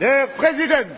Der Präsident!